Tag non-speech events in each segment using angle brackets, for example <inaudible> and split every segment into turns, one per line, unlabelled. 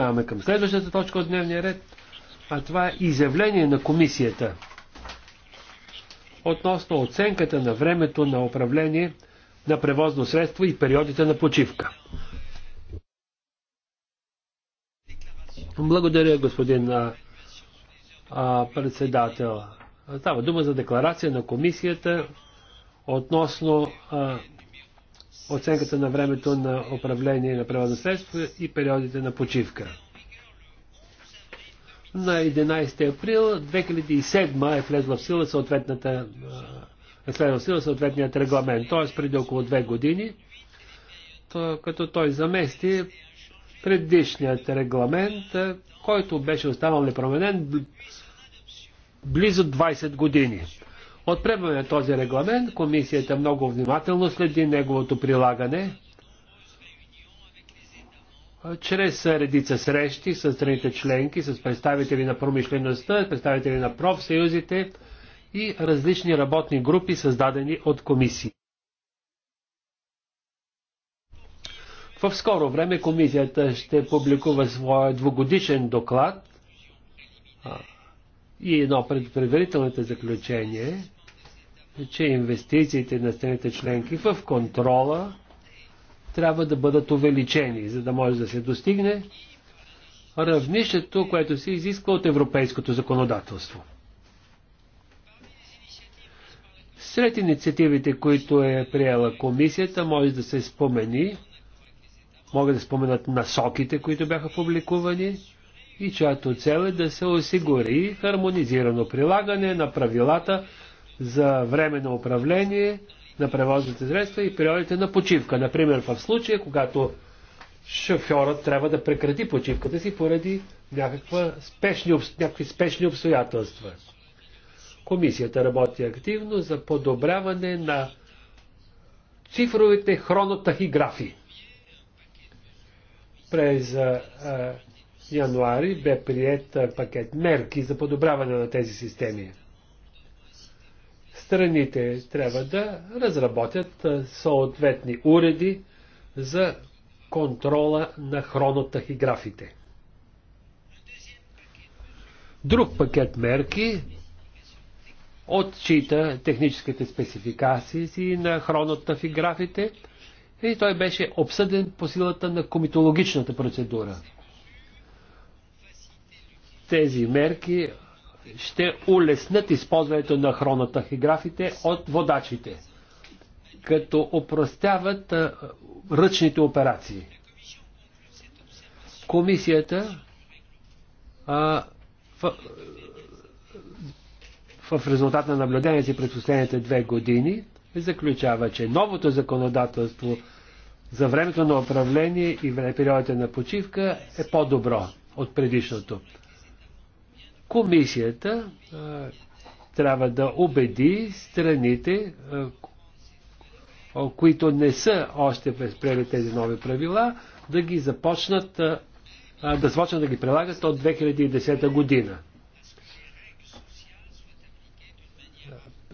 Минаваме към следващата точка от дневния ред, а това е изявление на комисията относно оценката на времето на управление на превозно средство и периодите на почивка. Благодаря, господин а, а, председател. Става дума за декларация на комисията относно а, оценката на времето на управление на превозно средство и периодите на почивка. На 11 април 2007 е влезла в сила съответната е влезла в сила съответният регламент, т.е. преди около две години, то, като той замести предишният регламент, който беше останал непроменен близо 20 години. От на този регламент комисията много внимателно следи неговото прилагане чрез редица срещи с страните членки, с представители на промишлеността, представители на профсъюзите и различни работни групи, създадени от комисии. В скоро време комисията ще публикува своя двугодишен доклад и едно предварителните заключение че инвестициите на страните членки в контрола трябва да бъдат увеличени, за да може да се достигне равнището, което се изисква от европейското законодателство. Сред инициативите, които е приела комисията, може да се спомени, могат да споменат насоките, които бяха публикувани и чиято цел е да се осигури хармонизирано прилагане на правилата за време на управление на превозните средства и периодите на почивка. Например, в случая, когато шофьорът трябва да прекрати почивката си поради спешни, някакви спешни обстоятелства. Комисията работи активно за подобряване на цифровите хронотахиграфи. През а, януари бе прият пакет мерки за подобряване на тези системи страните трябва да разработят съответни уреди за контрола на хронотахиграфите. Друг пакет мерки отчита техническите спецификации на хронотафиграфите и той беше обсъден по силата на комитологичната процедура. Тези мерки ще улеснат използването на хронотахиграфите от водачите, като опростяват ръчните операции. Комисията а, в, в резултат на наблюдението си през последните две години заключава, че новото законодателство за времето на управление и периодите на почивка е по-добро от предишното. Комисията а, трябва да убеди страните, а, които не са още възприели тези нови правила, да ги започнат а, да започнат да ги прилагат от 2010 година.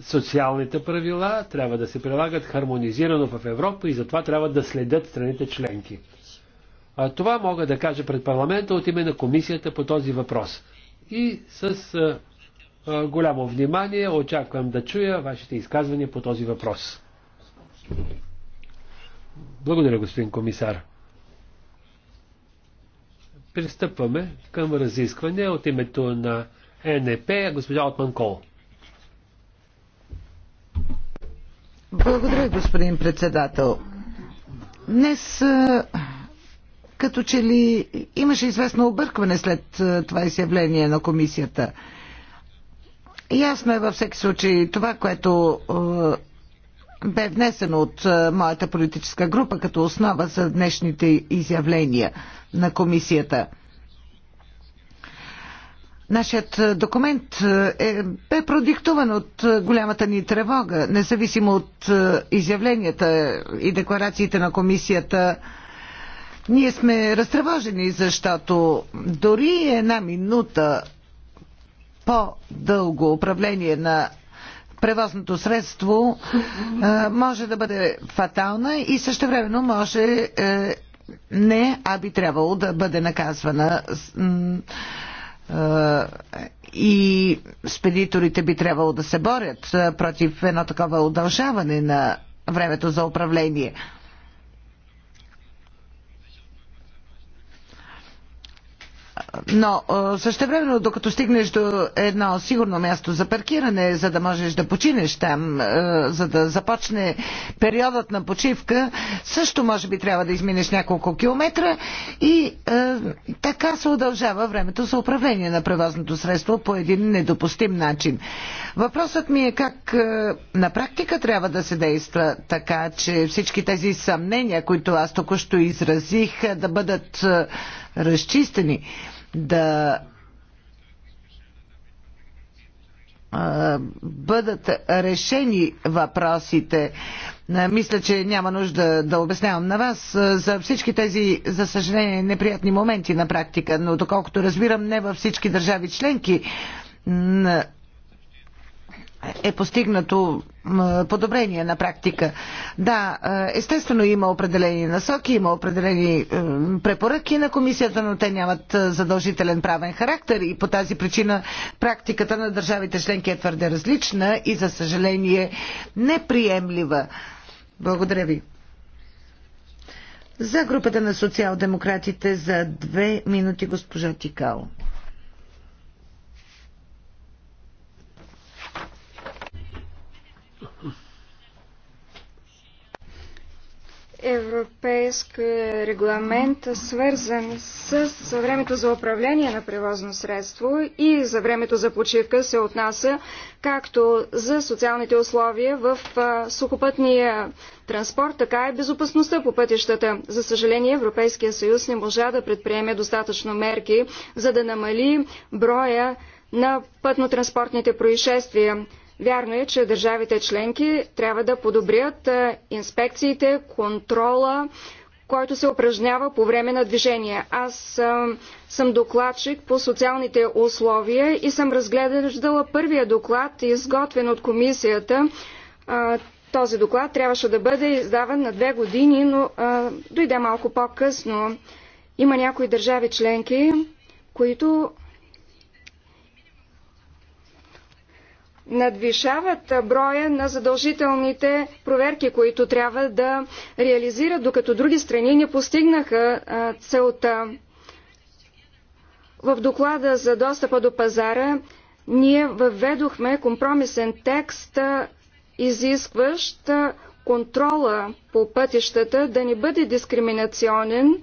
Социалните правила трябва да се прилагат хармонизирано в Европа и затова трябва да следят страните членки. А това мога да кажа пред парламента от име на комисията по този въпрос и с а, голямо внимание очаквам да чуя вашите изказвания по този въпрос. Благодаря, господин комисар. Пристъпваме към разискване от името на НП, госпожа Отман Кол.
Благодаря, господин председател. Днес като че ли имаше известно объркване след това изявление на комисията. Ясно е във всеки случай това, което бе внесено от моята политическа група като основа за днешните изявления на комисията. Нашият документ е, бе продиктуван от голямата ни тревога, независимо от изявленията и декларациите на комисията ние сме разтревожени, защото дори една минута по-дълго управление на превозното средство може да бъде фатална и също времено може е, не, а би трябвало да бъде наказвана е, и спедиторите би трябвало да се борят е, против едно такова удължаване на времето за управление. Но същевременно, докато стигнеш до едно сигурно място за паркиране, за да можеш да починеш там, за да започне периодът на почивка, също може би трябва да изминеш няколко километра и е, така се удължава времето за управление на превозното средство по един недопустим начин. Въпросът ми е как е, на практика трябва да се действа така, че всички тези съмнения, които аз току-що изразих, да бъдат е, разчистени да бъдат решени въпросите. Мисля, че няма нужда да обяснявам на вас за всички тези, за съжаление, неприятни моменти на практика, но доколкото разбирам, не във всички държави членки е постигнато подобрение на практика. Да, е, естествено има определени насоки, има определени е, препоръки на комисията, но те нямат е, задължителен правен характер и по тази причина практиката на държавите членки е твърде различна и за съжаление неприемлива. Благодаря ви. За групата на социал-демократите за две минути госпожа Тикао.
европейски регламент, свързан с времето за управление на превозно средство и за времето за почивка се отнася както за социалните условия в сухопътния транспорт, така и безопасността по пътищата. За съжаление, Европейския съюз не можа да предприеме достатъчно мерки, за да намали броя на пътно-транспортните происшествия. Вярно е, че държавите членки трябва да подобрят инспекциите, контрола, който се упражнява по време на движение. Аз съм, съм докладчик по социалните условия и съм разгледала първия доклад, изготвен от комисията. Този доклад трябваше да бъде издаван на две години, но дойде малко по-късно. Има някои държави членки, които надвишават броя на задължителните проверки, които трябва да реализират, докато други страни не постигнаха целта. В доклада за достъпа до пазара ние въведохме компромисен текст, изискващ контрола по пътищата да не бъде дискриминационен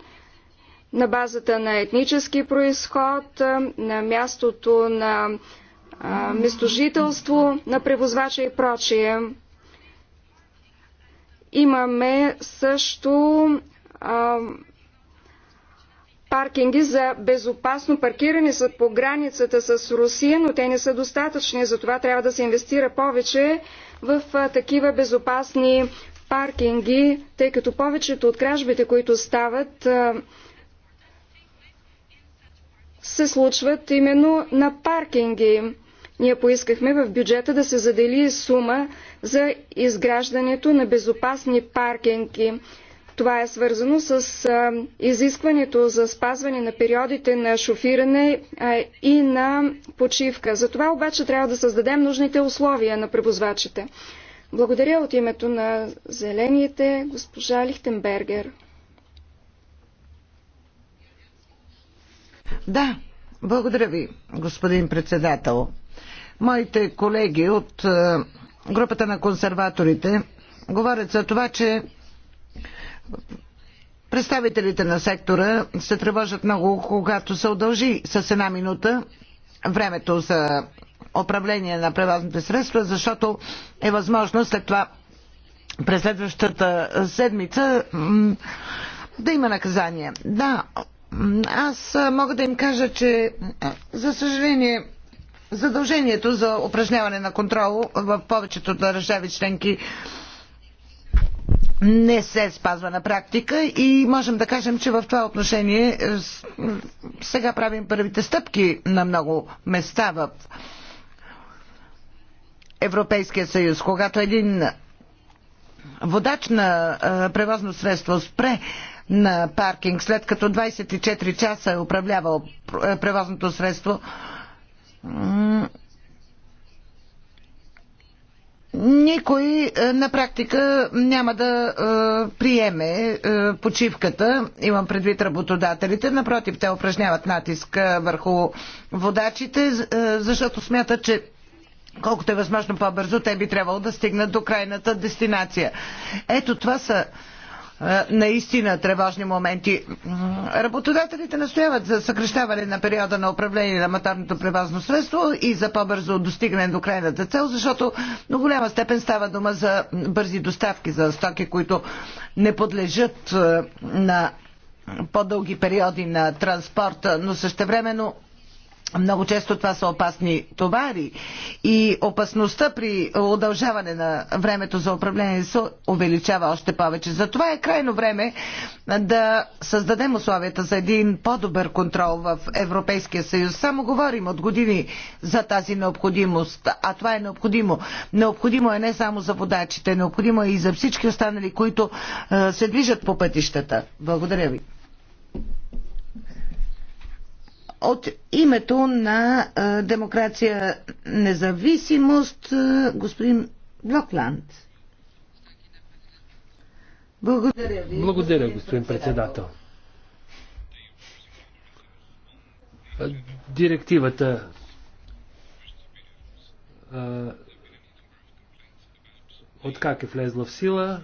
на базата на етнически происход, на мястото на местожителство на превозвача и прочие. Имаме също а, паркинги за безопасно паркиране са по границата с Русия, но те не са достатъчни, затова трябва да се инвестира повече в а, такива безопасни паркинги, тъй като повечето от кражбите, които стават, а, се случват именно на паркинги. Ние поискахме в бюджета да се задели сума за изграждането на безопасни паркинги. Това е свързано с изискването за спазване на периодите на шофиране и на почивка. За това обаче трябва да създадем нужните условия на превозвачите. Благодаря от името на зелените госпожа Лихтенбергер.
Да, благодаря ви, господин председател. Моите колеги от е, групата на консерваторите говорят за това, че представителите на сектора се тревожат много, когато се удължи с една минута времето за управление на превозните средства, защото е възможно след това през следващата седмица да има наказание. Да, аз мога да им кажа, че за съжаление задължението за упражняване на контрол в повечето държави членки не се спазва на практика и можем да кажем, че в това отношение е, сега правим първите стъпки на много места в Европейския съюз. Когато един водач на е, превозно средство спре на паркинг, след като 24 часа е управлявал е, превозното средство, никой е, на практика няма да е, приеме е, почивката, имам предвид работодателите. Напротив, те упражняват натиск върху водачите, защото смятат, че колкото е възможно по-бързо, те би трябвало да стигнат до крайната дестинация. Ето това са наистина тревожни моменти. Работодателите настояват за съкрещаване на периода на управление на моторното превозно средство и за по-бързо достигане до крайната цел, защото до голяма степен става дума за бързи доставки, за стоки, които не подлежат на по-дълги периоди на транспорта, но същевременно много често това са опасни товари и опасността при удължаване на времето за управление се увеличава още повече. Затова е крайно време да създадем условията за един по-добър контрол в Европейския съюз. Само говорим от години за тази необходимост, а това е необходимо. Необходимо е не само за водачите, необходимо е и за всички останали, които се движат по пътищата. Благодаря ви от името на демокрация независимост господин Блокланд. Благодаря
ви. Благодаря, господин председател. Директивата от как е влезла в сила,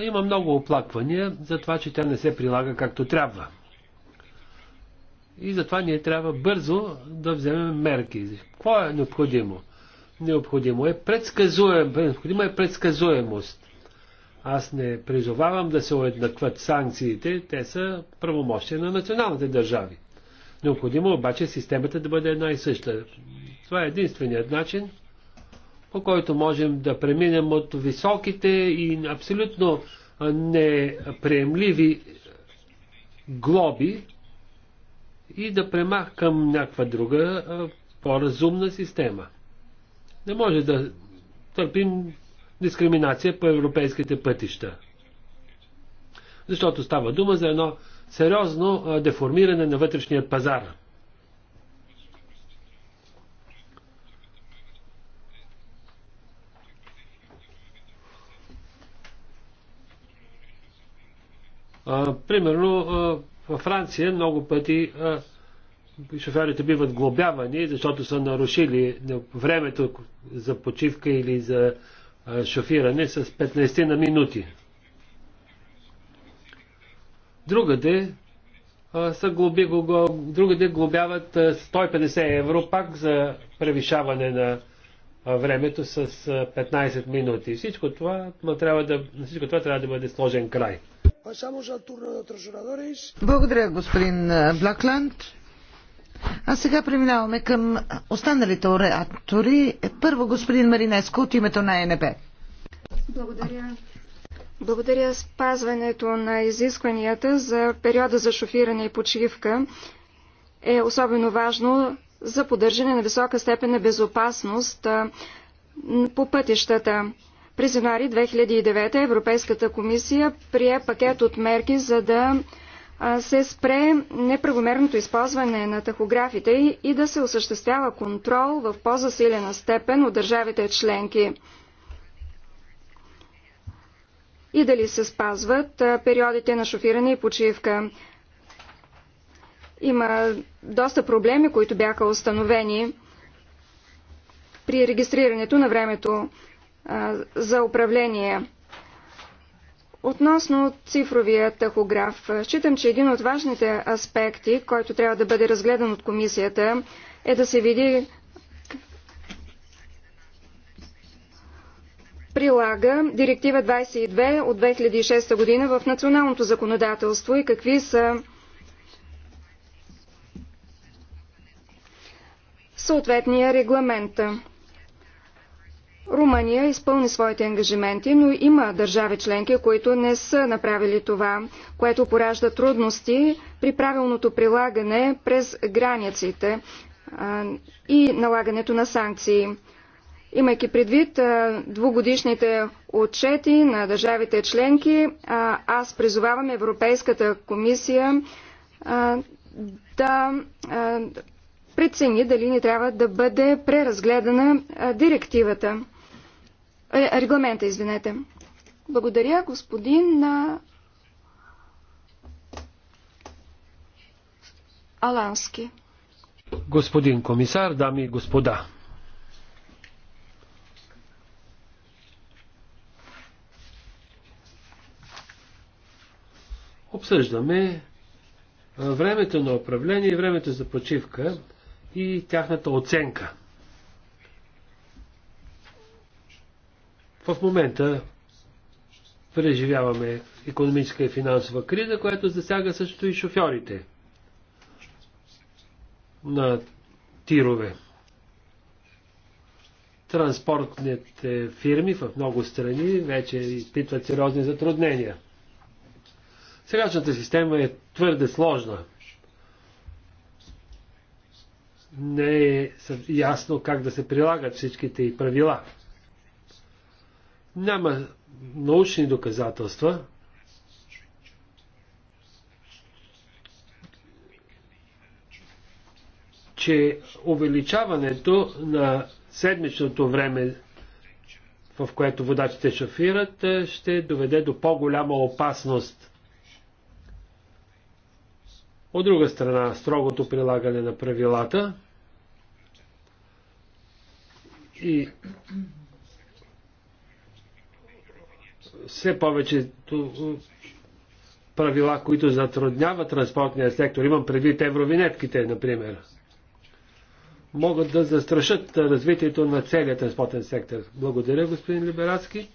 има много оплаквания за това, че тя не се прилага както трябва. И затова ние трябва бързо да вземем мерки. Какво е необходимо? Необходимо е, предсказуем, необходимо е предсказуемост. Аз не призовавам да се уеднакват санкциите, те са правомощия на националните държави. Необходимо обаче системата да бъде една и съща. Това е единственият начин, по който можем да преминем от високите и абсолютно неприемливи глоби и да премах към някаква друга по-разумна система. Не може да търпим дискриминация по европейските пътища. Защото става дума за едно сериозно деформиране на вътрешния пазар. примерно във Франция много пъти шофьорите биват глобявани, защото са нарушили времето за почивка или за шофиране с 15 на минути. Другаде са глоби, другаде глобяват 150 евро пак за превишаване на времето с 15 минути. Всичко това, трябва да, всичко това трябва да бъде сложен край.
Благодаря, господин Блакланд. А сега преминаваме към останалите оратори. Първо господин Маринеско от името на ЕНП.
Благодаря. Благодаря спазването на изискванията за периода за шофиране и почивка е особено важно за поддържане на висока степен на безопасност по пътищата. През януари 2009 Европейската комисия прие пакет от мерки, за да се спре неправомерното използване на тахографите и да се осъществява контрол в по-засилена степен от държавите членки и дали се спазват периодите на шофиране и почивка. Има доста проблеми, които бяха установени при регистрирането на времето за управление. Относно цифровия тахограф, считам, че един от важните аспекти, който трябва да бъде разгледан от комисията, е да се види прилага Директива 22 от 2006 година в националното законодателство и какви са съответния регламент. Румъния изпълни своите ангажименти, но има държави членки, които не са направили това, което поражда трудности при правилното прилагане през границите и налагането на санкции. Имайки предвид двугодишните отчети на държавите членки, аз призовавам Европейската комисия да прецени дали не трябва да бъде преразгледана директивата. Е, регламента, извинете. Благодаря, господин Алански.
Господин комисар, дами и господа. Обсъждаме времето на управление и времето за почивка и тяхната оценка. В момента преживяваме економическа и финансова криза, която засяга също и шофьорите на тирове. Транспортните фирми в много страни вече изпитват сериозни затруднения. Сегашната система е твърде сложна. Не е ясно как да се прилагат всичките и правила. Няма научни доказателства, че увеличаването на седмичното време, в което водачите шофират, е, ще доведе до по-голяма опасност. От друга страна, строгото прилагане на правилата и все повече е, правила, които затрудняват транспортния сектор, имам предвид евровинетките, например, могат да застрашат развитието на целият транспортен сектор. Благодаря, господин Либерацки.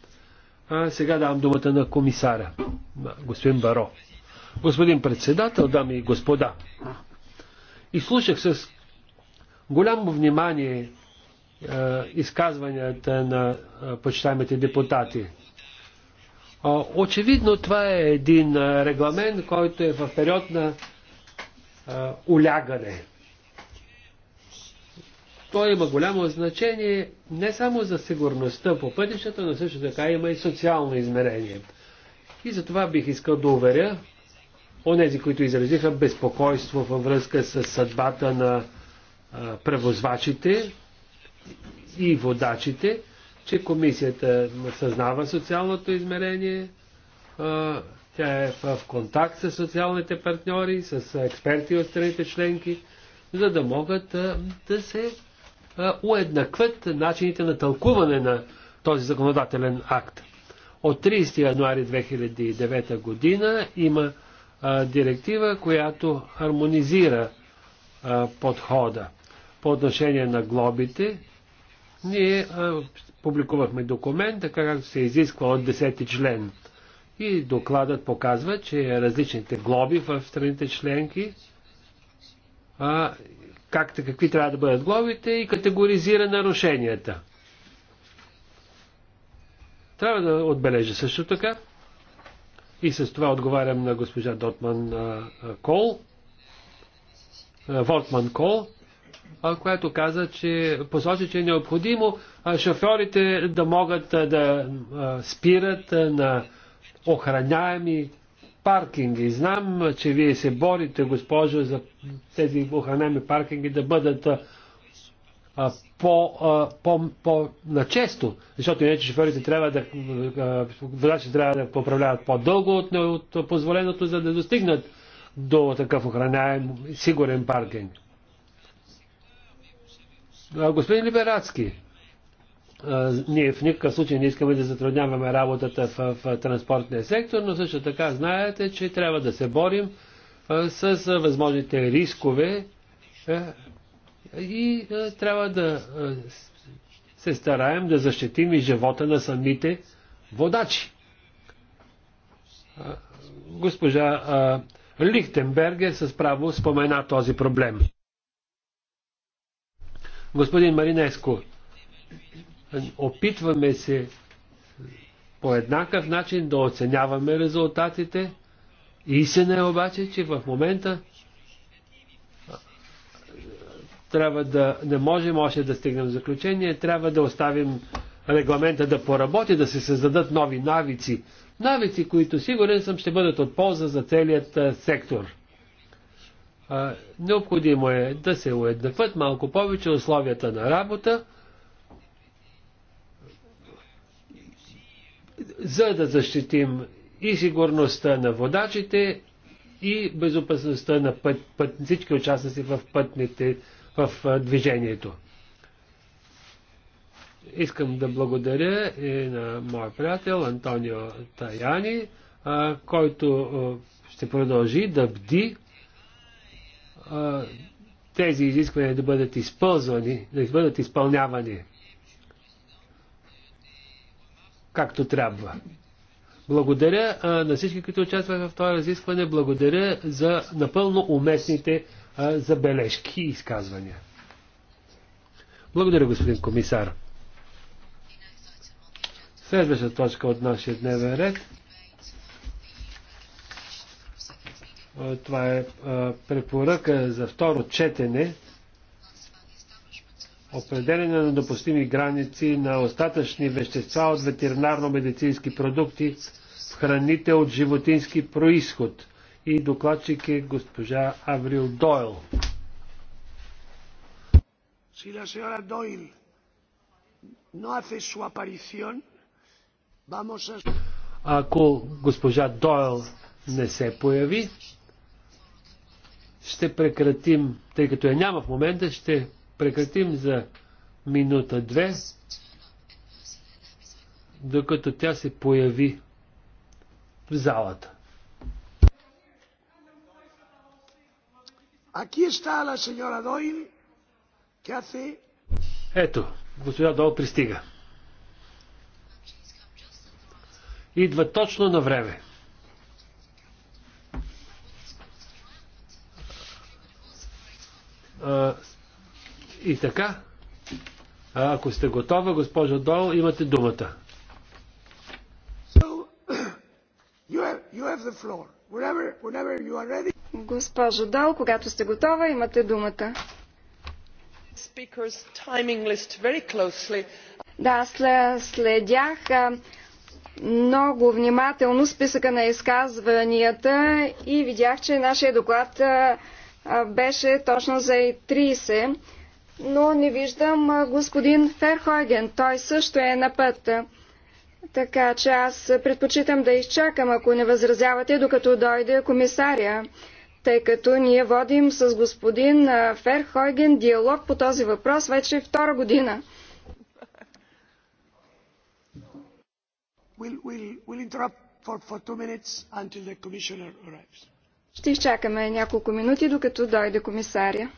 А сега давам думата на комисара, господин Баро. Господин председател, дами и господа, и слушах с голямо внимание е, изказванията на е, почитаемите депутати. Очевидно това е един регламент, който е в период на улягане. Той има голямо значение не само за сигурността по пътищата, но също така има и социално измерение. И за това бих искал да уверя онези, които изразиха безпокойство във връзка с съдбата на превозвачите и водачите, че комисията съзнава социалното измерение, тя е в контакт с социалните партньори, с експерти от страните членки, за да могат да се уеднакват начините на тълкуване на този законодателен акт. От 30 януари 2009 година има директива, която хармонизира подхода по отношение на глобите ние а, публикувахме документ, така както се изисква от 10 член. И докладът показва, че различните глоби в страните членки, а, как, какви трябва да бъдат глобите и категоризира нарушенията. Трябва да отбележа също така, и с това отговарям на госпожа Дотман а, Кол, а, Вортман Кол, което каза, че посочи, че е необходимо шофьорите да могат да спират на охраняеми паркинги. Знам, че вие се борите, госпожо, за тези охраняеми паркинги да бъдат по-начесто, по, по, по защото иначе шофьорите трябва да, водачи трябва да поправляват по-дълго от, от позволеното, за да достигнат до такъв охраняем сигурен паркинг. Господин Либерацки, ние в никакъв случай не искаме да затрудняваме работата в, в транспортния сектор, но също така знаете, че трябва да се борим с възможните рискове и трябва да се стараем да защитим и живота на самите водачи. Госпожа е с право спомена този проблем. Господин Маринеско, опитваме се по еднакъв начин да оценяваме резултатите. Истина е обаче, че в момента трябва да не можем още да стигнем заключение, трябва да оставим регламента да поработи, да се създадат нови навици. Навици, които сигурен съм ще бъдат от полза за целият сектор. А, необходимо е да се уеднакват малко повече условията на работа, за да защитим и сигурността на водачите, и безопасността на път, път, всички участници в пътните, в движението. Искам да благодаря и на моя приятел Антонио Таяни, който ще продължи да бди тези изисквания да бъдат използвани, да бъдат изпълнявани както трябва. Благодаря а, на всички, които участваха в това разискване. Благодаря за напълно уместните а, забележки и изказвания. Благодаря, господин комисар. Следваща точка от нашия дневен ред. Това е препоръка за второ четене. Определене на допустими граници на остатъчни вещества от ветеринарно-медицински продукти в храните от животински происход. И докладчик е госпожа Аврил Дойл.
hace su aparición, vamos a...
Ако госпожа Дойл не се появи, ще прекратим, тъй като я няма в момента, ще прекратим за минута-две, докато тя се появи в залата.
Aquí
está la señora Doyle, que hace...
Ето, госпожа Дол пристига. Идва точно на време. И така, ако сте готова, госпожо Дол, имате думата. <clears throat>
Госпожо Дол, когато сте готова, имате думата. Да, следях много внимателно списъка на изказванията и видях, че нашия доклад беше точно за 30, но не виждам господин Ферхойген. Той също е на път. Така че аз предпочитам да изчакам, ако не възразявате, докато дойде комисаря, тъй като ние водим с господин Ферхойген диалог по този въпрос вече втора година.
We'll, we'll, we'll interrupt for, for two minutes until the commissioner arrives.
Ще изчакаме няколко минути, докато дойде комисаря.